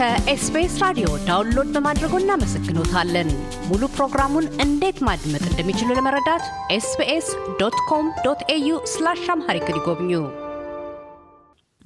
ከኤስቢኤስ ራዲዮ ዳውንሎድ በማድረጎ እናመሰግኖታለን። ሙሉ ፕሮግራሙን እንዴት ማድመጥ እንደሚችሉ ለመረዳት ኤስቢኤስ ዶት ኮም ዶት ኤዩ ስላሽ አምሃሪክ ይጎብኙ።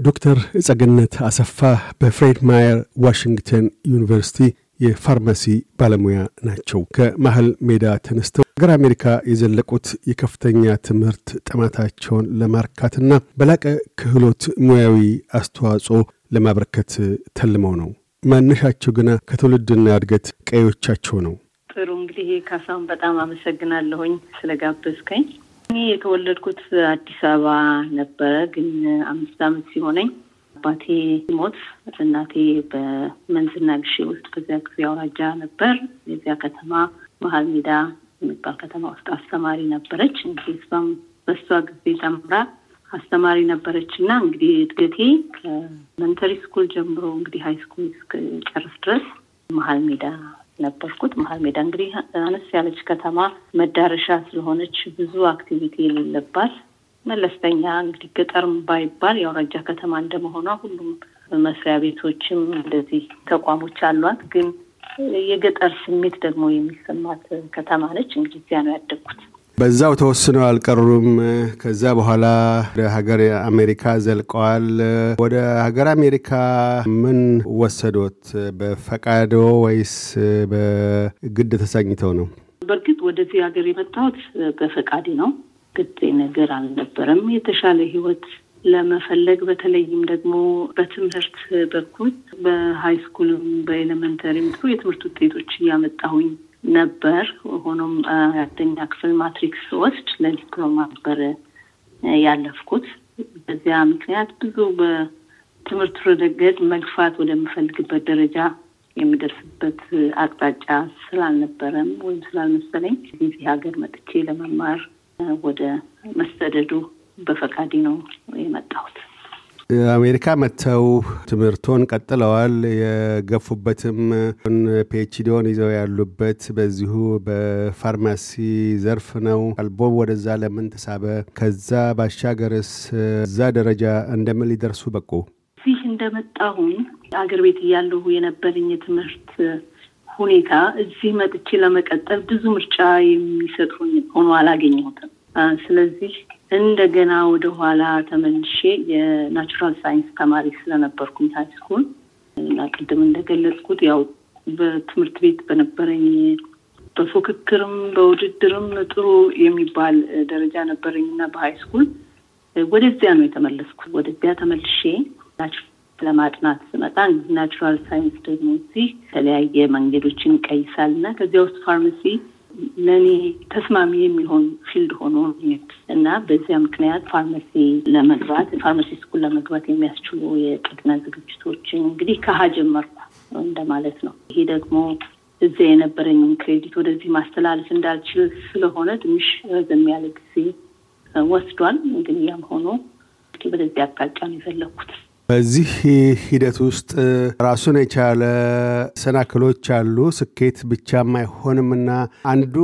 ዶክተር ጸገነት አሰፋ በፍሬድ ማየር ዋሽንግተን ዩኒቨርሲቲ የፋርማሲ ባለሙያ ናቸው። ከመሀል ሜዳ ተነስተው ሀገር አሜሪካ የዘለቁት የከፍተኛ ትምህርት ጥማታቸውን ለማርካትና በላቀ ክህሎት ሙያዊ አስተዋጽኦ ለማበረከት ተልመው ነው። መነሻቸው ግና ከትውልድና እድገት ቀዮቻቸው ነው። ጥሩ እንግዲህ ካሳሁን በጣም አመሰግናለሁኝ ስለጋበዝከኝ። እኔ የተወለድኩት አዲስ አበባ ነበረ፣ ግን አምስት አመት ሲሆነኝ አባቴ ሲሞት እናቴ በመንዝና ግሼ ውስጥ በዚያ ጊዜ አውራጃ ነበር። የዚያ ከተማ መሀል ሜዳ የሚባል ከተማ ውስጥ አስተማሪ ነበረች። እንግዲህ እሷም በእሷ ጊዜ ተምራ አስተማሪ ነበረች እና እንግዲህ እድገቴ ከመንተሪ ስኩል ጀምሮ እንግዲህ ሀይ ስኩል እስክጨርስ ድረስ መሀል ሜዳ ነበርኩት። መሀል ሜዳ እንግዲህ አነስ ያለች ከተማ መዳረሻ ስለሆነች ብዙ አክቲቪቲ የሌለባት መለስተኛ እንግዲህ ገጠርም ባይባል የአውራጃ ከተማ እንደመሆኗ ሁሉም መስሪያ ቤቶችም እንደዚህ ተቋሞች አሏት። ግን የገጠር ስሜት ደግሞ የሚሰማት ከተማ ነች። እንግዲህ እዚያ ነው ያደግኩት። በዛው ተወስነው አልቀሩም። ከዛ በኋላ ወደ ሀገር አሜሪካ ዘልቀዋል። ወደ ሀገር አሜሪካ ምን ወሰዶት? በፈቃዶ ወይስ በግድ ተሰኝተው ነው? በእርግጥ ወደዚህ ሀገር የመጣሁት በፈቃዴ ነው። ግድ ነገር አልነበረም። የተሻለ ህይወት ለመፈለግ በተለይም ደግሞ በትምህርት በኩል በሀይ ስኩልም በኤሌመንተሪም ጥሩ የትምህርት ውጤቶች እያመጣሁኝ ነበር። ሆኖም አራተኛ ክፍል ማትሪክስ ወስድ ለዲፕሎማ ነበር ያለፍኩት። በዚያ ምክንያት ብዙ በትምህርት ረገድ መግፋት ወደምፈልግበት ደረጃ የሚደርስበት አቅጣጫ ስላልነበረም ወይም ስላልመሰለኝ እዚህ ሀገር መጥቼ ለመማር ወደ መሰደዱ በፈቃዴ ነው የመጣሁት። አሜሪካ መጥተው ትምህርቶን ቀጥለዋል። የገፉበትም ፒኤችዲውን ይዘው ያሉበት በዚሁ በፋርማሲ ዘርፍ ነው። አልቦም ወደዛ ለምን ተሳበ? ከዛ ባሻገርስ እዛ ደረጃ እንደምን ሊደርሱ በቁ? እዚህ እንደመጣሁኝ አገር ቤት እያለሁ የነበረኝ የትምህርት ሁኔታ እዚህ መጥቼ ለመቀጠል ብዙ ምርጫ የሚሰጡኝ ሆኖ አላገኘሁትም። ስለዚህ እንደገና ወደ ኋላ ተመልሼ የናቹራል ሳይንስ ተማሪ ስለነበርኩም ሃይስኩል እና ቅድም እንደገለጽኩት ያው በትምህርት ቤት በነበረኝ በፉክክርም በውድድርም ጥሩ የሚባል ደረጃ ነበረኝ እና በሃይስኩል ወደዚያ ነው የተመለስኩት። ወደዚያ ተመልሼ ለማጥናት ስመጣ ናቹራል ሳይንስ ደግሞ እዚህ የተለያየ መንገዶችን ቀይሳል እና ከዚያ ውስጥ ፋርማሲ ለእኔ ተስማሚ የሚሆን ፊልድ ሆኖ እና በዚያ ምክንያት ፋርማሲ ለመግባት ፋርማሲ ስኩል ለመግባት የሚያስችሉ የቅድመ ዝግጅቶችን እንግዲህ ከሀ ጀመርኩ እንደማለት ነው። ይሄ ደግሞ እዚያ የነበረኝን ክሬዲት ወደዚህ ማስተላለፍ እንዳልችል ስለሆነ ትንሽ ረዘም ያለ ጊዜ ወስዷል። ግን ያም ሆኖ ወደዚህ አቅጣጫ ነው የፈለግኩት። በዚህ ሂደት ውስጥ ራሱን የቻለ ሰናክሎች አሉ። ስኬት ብቻም አይሆንምና አንዱ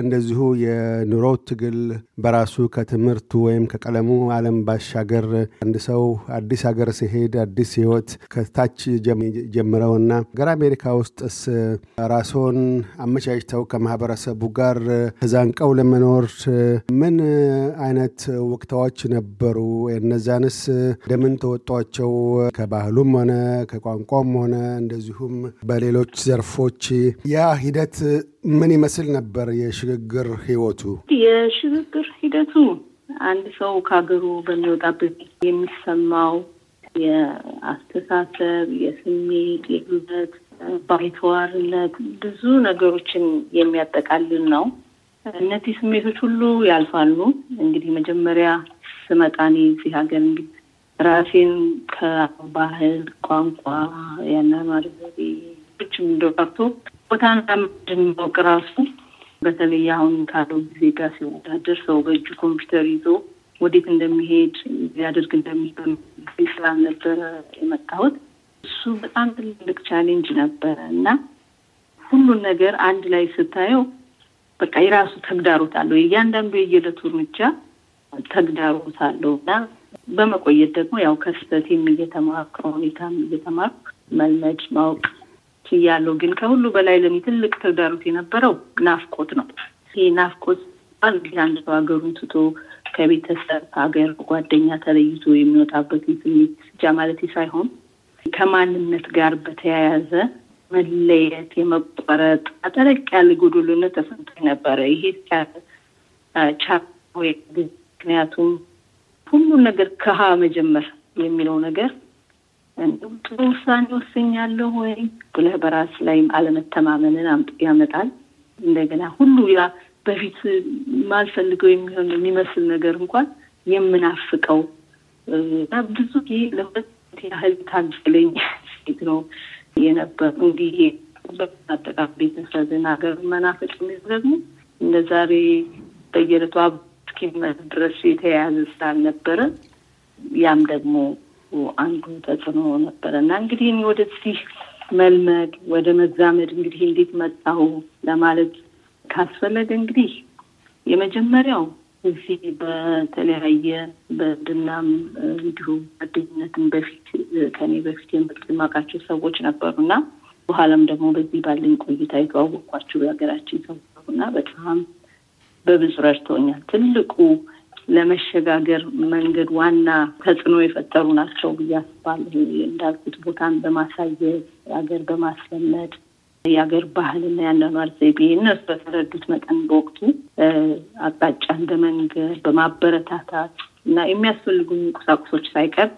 እንደዚሁ የኑሮ ትግል በራሱ ከትምህርቱ ወይም ከቀለሙ ዓለም ባሻገር አንድ ሰው አዲስ ሀገር ሲሄድ አዲስ ህይወት ከታች ጀምረውና ገር አሜሪካ ውስጥስ ራስዎን አመቻችተው ከማህበረሰቡ ጋር ተዛንቀው ለመኖር ምን አይነት ወቅታዎች ነበሩ? እነዛንስ እንደምን ተወጧቸው? ከባህሉም ሆነ ከቋንቋም ሆነ እንደዚሁም በሌሎች ዘርፎች ያ ሂደት ምን ይመስል ነበር? የሽግግር ህይወቱ የሽግግር ሂደቱ አንድ ሰው ከሀገሩ በሚወጣበት የሚሰማው የአስተሳሰብ፣ የስሜት፣ የህብረት ባይተዋርነት ብዙ ነገሮችን የሚያጠቃልል ነው። እነዚህ ስሜቶች ሁሉ ያልፋሉ። እንግዲህ መጀመሪያ ስመጣኔ እዚህ ሀገር እንግዲህ ራሴን ከባህል ቋንቋ፣ የአኗኗር ዘዴ ብችም እንደው ቀርቶ ራሱ በተለይ አሁን ካለው ጊዜ ጋር ሲወዳደር ሰው በእጁ ኮምፒውተር ይዞ ወዴት እንደሚሄድ ሊያደርግ እንደሚበ ስላልነበረ የመጣሁት እሱ በጣም ትልቅ ቻሌንጅ ነበረ እና ሁሉን ነገር አንድ ላይ ስታየው በቃ የራሱ ተግዳሮት አለው። እያንዳንዱ የየዕለቱ እርምጃ ተግዳሮት አለው እና በመቆየት ደግሞ ያው ከስተቴም እየተማርኩ ሁኔታም እየተማርኩ መልመድ ማወቅ ችያለሁ። ግን ከሁሉ በላይ ለኔ ትልቅ ተግዳሮት የነበረው ናፍቆት ነው። ይህ ናፍቆት አንድ አንድ ሰው ሀገሩን ትቶ ከቤተሰብ ሀገር፣ ጓደኛ ተለይቶ የሚወጣበት ስሜት ብቻ ማለት ሳይሆን ከማንነት ጋር በተያያዘ መለየት፣ የመቆረጥ አጠለቅ ያለ ጎዶሎነት ተሰምቶ ነበረ። ይሄ ቻ ምክንያቱም ሁሉን ነገር ከሀ መጀመር የሚለው ነገር ጥሩ ውሳኔ ወስኛለሁ ወይ ብለህ በራስ ላይ አለመተማመንን ያመጣል። እንደገና ሁሉ ያ በፊት ማልፈልገው የሚሆን የሚመስል ነገር እንኳን የምናፍቀው ብዙ ጊዜ ለሁለት ያህል ታገለኝ ሴት ነው የነበር እንዲህ በአጠቃላይ ቤተሰብን ሀገር መናፈቅ ደግሞ እንደ ዛሬ በየዕለቱ እስኪመት ድረስ የተያያዘ ስላልነበረ ያም ደግሞ አንዱ ተጽዕኖ ነበረ እና እንግዲህ ወደዚህ መልመድ ወደ መዛመድ እንግዲህ እንዴት መጣሁ ለማለት ካስፈለገ እንግዲህ የመጀመሪያው እዚህ በተለያየ በድናም እንዲሁ ጓደኝነትን በፊት ከኔ በፊት የምትማቃቸው ሰዎች ነበሩ እና በኋላም ደግሞ በዚህ ባለኝ ቆይታ የተዋወቅኳቸው የሀገራችን ሰው እና በጣም በብዙ ረድቶኛል። ትልቁ ለመሸጋገር መንገድ ዋና ተጽዕኖ የፈጠሩ ናቸው ብዬ አስባለሁ። እንዳልኩት ቦታን በማሳየት ሀገር በማስለመድ የአገር ባህልና የአኗኗር ዘይቤ እነሱ በተረዱት መጠን በወቅቱ አቅጣጫን በመንገድ በማበረታታት እና የሚያስፈልጉኝ ቁሳቁሶች ሳይቀር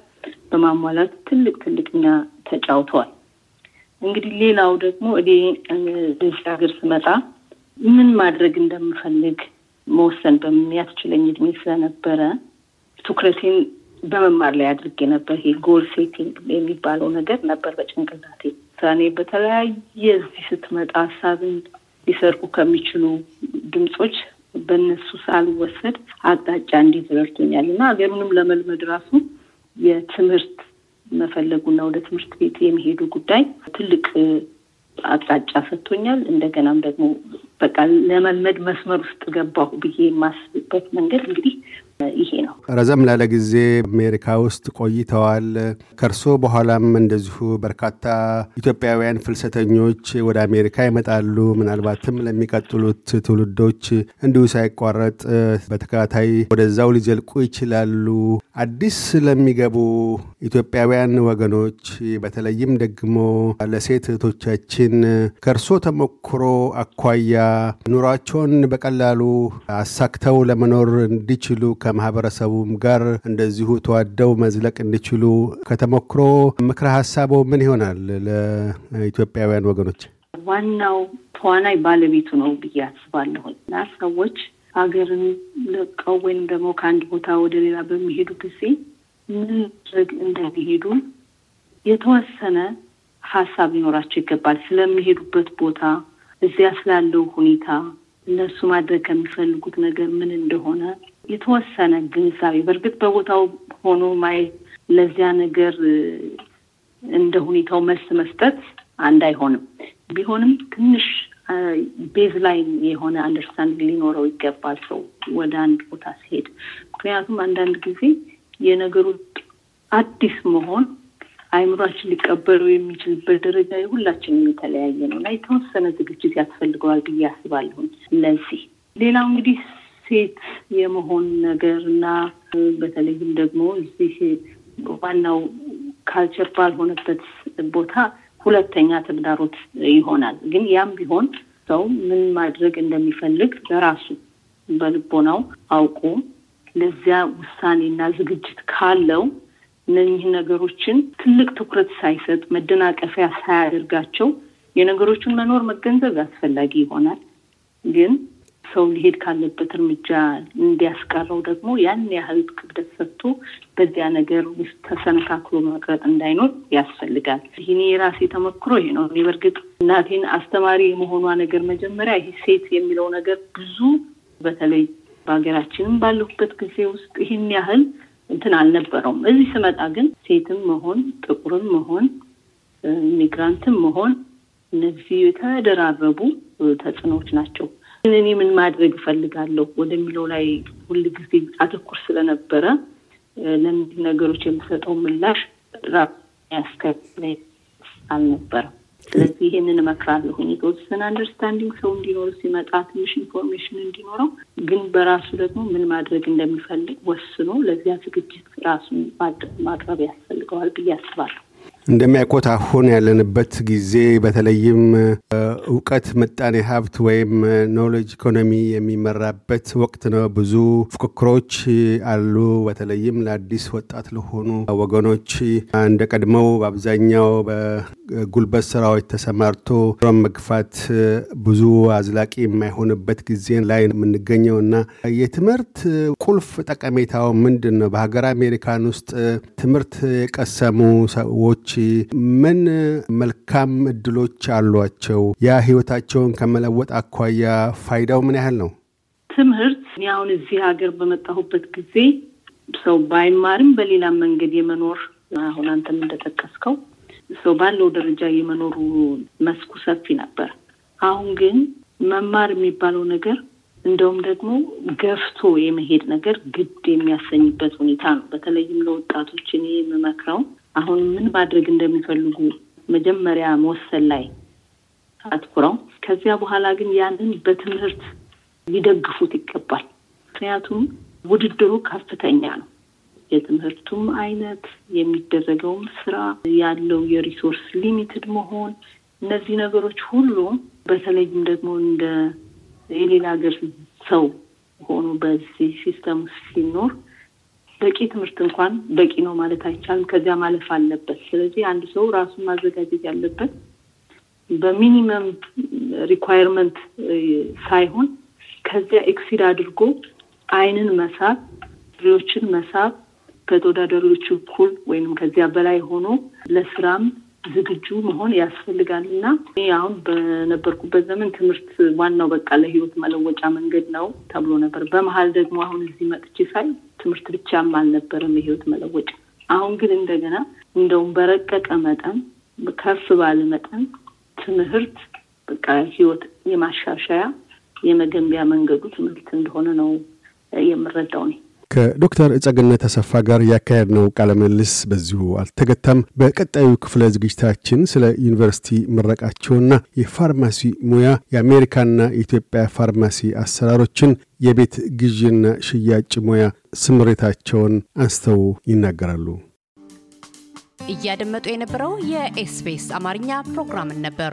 በማሟላት ትልቅ ትልቅ ሚና ተጫውተዋል። እንግዲህ ሌላው ደግሞ እኔ በዚህ ሀገር ስመጣ ምን ማድረግ እንደምፈልግ መወሰን በሚያስችለኝ እድሜ ስለነበረ ትኩረቴን በመማር ላይ አድርጌ ነበር። ይሄ ጎል ሴቲንግ የሚባለው ነገር ነበር በጭንቅላቴ እኔ በተለያየ እዚህ ስትመጣ ሀሳብን ሊሰርቁ ከሚችሉ ድምፆች በእነሱ ሳልወሰድ አቅጣጫ እንዲህ ረድቶኛል እና ሀገሩንም ለመልመድ ራሱ የትምህርት መፈለጉና ወደ ትምህርት ቤት የሚሄዱ ጉዳይ ትልቅ አቅጣጫ ሰጥቶኛል። እንደገናም ደግሞ በቃ ለመልመድ መስመር ውስጥ ገባሁ ብዬ የማስብበት መንገድ እንግዲህ ይሄ ነው። ረዘም ላለ ጊዜ አሜሪካ ውስጥ ቆይተዋል። ከእርሶ በኋላም እንደዚሁ በርካታ ኢትዮጵያውያን ፍልሰተኞች ወደ አሜሪካ ይመጣሉ። ምናልባትም ለሚቀጥሉት ትውልዶች እንዲሁ ሳይቋረጥ በተከታታይ ወደዛው ሊዘልቁ ይችላሉ። አዲስ ለሚገቡ ኢትዮጵያውያን ወገኖች በተለይም ደግሞ ለሴት እህቶቻችን ከእርሶ ተሞክሮ አኳያ ኑሯቸውን በቀላሉ አሳክተው ለመኖር እንዲችሉ ከማህበረሰቡም ጋር እንደዚሁ ተዋደው መዝለቅ እንዲችሉ ከተሞክሮ ምክረ ሀሳቦ ምን ይሆናል ለኢትዮጵያውያን ወገኖች? ዋናው ተዋናይ ባለቤቱ ነው ብዬ አስባለሁ እና ሰዎች ሀገርን ለቀው ወይም ደግሞ ከአንድ ቦታ ወደ ሌላ በሚሄዱ ጊዜ ምን ድረግ እንደሚሄዱ የተወሰነ ሀሳብ ሊኖራቸው ይገባል። ስለሚሄዱበት ቦታ፣ እዚያ ስላለው ሁኔታ፣ እነሱ ማድረግ ከሚፈልጉት ነገር ምን እንደሆነ የተወሰነ ግንዛቤ በእርግጥ በቦታው ሆኖ ማየት ለዚያ ነገር እንደ ሁኔታው መልስ መስጠት አንድ አይሆንም። ቢሆንም ትንሽ ቤዝ ላይን የሆነ አንደርስታንድ ሊኖረው ይገባል ሰው ወደ አንድ ቦታ ሲሄድ። ምክንያቱም አንዳንድ ጊዜ የነገሩ አዲስ መሆን አይምሯችን ሊቀበለው የሚችልበት ደረጃ የሁላችንም የተለያየ ነው እና የተወሰነ ዝግጅት ያስፈልገዋል ብዬ አስባለሁ። ለዚህ ሌላው እንግዲህ ሴት የመሆን ነገር እና በተለይም ደግሞ እዚህ ዋናው ካልቸር ባልሆነበት ቦታ ሁለተኛ ተግዳሮት ይሆናል። ግን ያም ቢሆን ሰው ምን ማድረግ እንደሚፈልግ በራሱ በልቦናው አውቆ ለዚያ ውሳኔና ዝግጅት ካለው እነኚህ ነገሮችን ትልቅ ትኩረት ሳይሰጥ መደናቀፊያ ሳያደርጋቸው የነገሮችን መኖር መገንዘብ አስፈላጊ ይሆናል ግን ሰው ሊሄድ ካለበት እርምጃ እንዲያስቀረው ደግሞ ያን ያህል ክብደት ሰጥቶ በዚያ ነገር ውስጥ ተሰነካክሎ መቅረጥ እንዳይኖር ያስፈልጋል። ይህ የራሴ ተሞክሮ ይሄ ነው። እኔ በእርግጥ እናቴን አስተማሪ የመሆኗ ነገር መጀመሪያ ይሄ ሴት የሚለው ነገር ብዙ በተለይ በሀገራችንም ባለሁበት ጊዜ ውስጥ ይህን ያህል እንትን አልነበረውም። እዚህ ስመጣ ግን ሴትም መሆን ጥቁርም መሆን ኢሚግራንትም መሆን እነዚህ የተደራረቡ ተጽዕኖዎች ናቸው እኔ ምን ማድረግ እፈልጋለሁ ወደሚለው ላይ ሁል ጊዜ አተኩር ስለነበረ ለእነዚህ ነገሮች የምሰጠው ምላሽ ራብ ያስከትለኝ አልነበረም። ስለዚህ ይህንን እመክራለሁ። የተወሰነ አንደርስታንዲንግ ሰው እንዲኖር ሲመጣ ትንሽ ኢንፎርሜሽን እንዲኖረው፣ ግን በራሱ ደግሞ ምን ማድረግ እንደሚፈልግ ወስኖ ለዚያ ዝግጅት ራሱን ማቅረብ ያስፈልገዋል ብዬ አስባለሁ። እንደሚያውቁት አሁን ያለንበት ጊዜ በተለይም እውቀት ምጣኔ ሀብት ወይም ኖሌጅ ኢኮኖሚ የሚመራበት ወቅት ነው። ብዙ ፉክክሮች አሉ። በተለይም ለአዲስ ወጣት ለሆኑ ወገኖች እንደ ቀድመው በአብዛኛው በጉልበት ስራዎች ተሰማርቶ ሮም መግፋት ብዙ አዝላቂ የማይሆንበት ጊዜ ላይ የምንገኘው እና የትምህርት ቁልፍ ጠቀሜታው ምንድን ነው? በሀገር አሜሪካን ውስጥ ትምህርት የቀሰሙ ሰዎች ምን መልካም እድሎች አሏቸው? ያ ህይወታቸውን ከመለወጥ አኳያ ፋይዳው ምን ያህል ነው? ትምህርት እኔ አሁን እዚህ ሀገር በመጣሁበት ጊዜ ሰው ባይማርም በሌላ መንገድ የመኖር አሁን አንተም እንደጠቀስከው ሰው ባለው ደረጃ የመኖሩ መስኩ ሰፊ ነበር። አሁን ግን መማር የሚባለው ነገር እንደውም ደግሞ ገፍቶ የመሄድ ነገር ግድ የሚያሰኝበት ሁኔታ ነው። በተለይም ለወጣቶች እኔ የምመክረው አሁን ምን ማድረግ እንደሚፈልጉ መጀመሪያ መወሰን ላይ አትኩረው፣ ከዚያ በኋላ ግን ያንን በትምህርት ሊደግፉት ይገባል። ምክንያቱም ውድድሩ ከፍተኛ ነው። የትምህርቱም አይነት፣ የሚደረገውም ስራ፣ ያለው የሪሶርስ ሊሚትድ መሆን፣ እነዚህ ነገሮች ሁሉ በተለይም ደግሞ እንደ የሌላ ሀገር ሰው ሆኖ በዚህ ሲስተም ሲኖር በቂ ትምህርት እንኳን በቂ ነው ማለት አይቻልም። ከዚያ ማለፍ አለበት። ስለዚህ አንድ ሰው ራሱን ማዘጋጀት ያለበት በሚኒመም ሪኳየርመንት ሳይሆን ከዚያ ኤክሲድ አድርጎ አይንን መሳብ፣ ሪዎችን መሳብ ከተወዳዳሪዎች እኩል ወይም ከዚያ በላይ ሆኖ ለስራም ዝግጁ መሆን ያስፈልጋል እና አሁን በነበርኩበት ዘመን ትምህርት ዋናው በቃ ለህይወት መለወጫ መንገድ ነው ተብሎ ነበር። በመሀል ደግሞ አሁን እዚህ መጥቼ ሳይ ትምህርት ብቻም አልነበረም የህይወት መለወጫ። አሁን ግን እንደገና እንደውም በረቀቀ መጠን ከፍ ባለ መጠን ትምህርት በቃ ህይወት የማሻሻያ የመገንቢያ መንገዱ ትምህርት እንደሆነ ነው የምረዳው እኔ። ከዶክተር እጸግነት ተሰፋ ጋር ያካሄድ ነው ቃለምልልስ በዚሁ አልተገታም። በቀጣዩ ክፍለ ዝግጅታችን ስለ ዩኒቨርሲቲ ምረቃቸውና የፋርማሲ ሙያ፣ የአሜሪካና የኢትዮጵያ ፋርማሲ አሰራሮችን፣ የቤት ግዥና ሽያጭ ሙያ ስምሬታቸውን አንስተው ይናገራሉ። እያደመጡ የነበረው የኤስፔስ አማርኛ ፕሮግራምን ነበር።